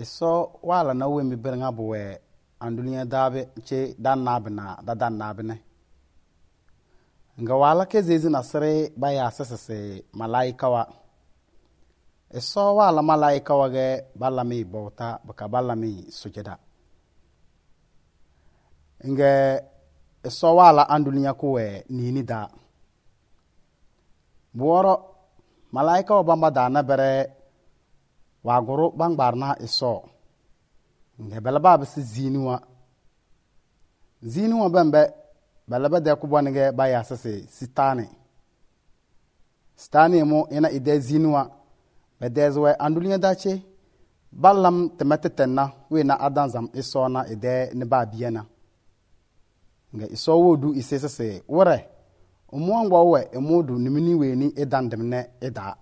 iso wala na wemi birnga buwe andunia dabe che dan nabina da dan nabine nga wala ke zezi na sere baya sesese malaika wa iso wala malaika wa ge balami bauta baka balami sujada nge iso wala andunia kuwe nini da buworo malaika wa bamba da na bere waa guru ban gbaarina isoo nde bala baa bisi ziiniwa ziiniwa bembe bala ba de kubonige ba yaasisi sitaani sitaani mu ina ide ziiniwa be deeziwe andulinya dace ba lam teme na wena adan na ide ni baa biya na nga isoo wo du ise sisi wure umuwa nimini weni idan dimne idaa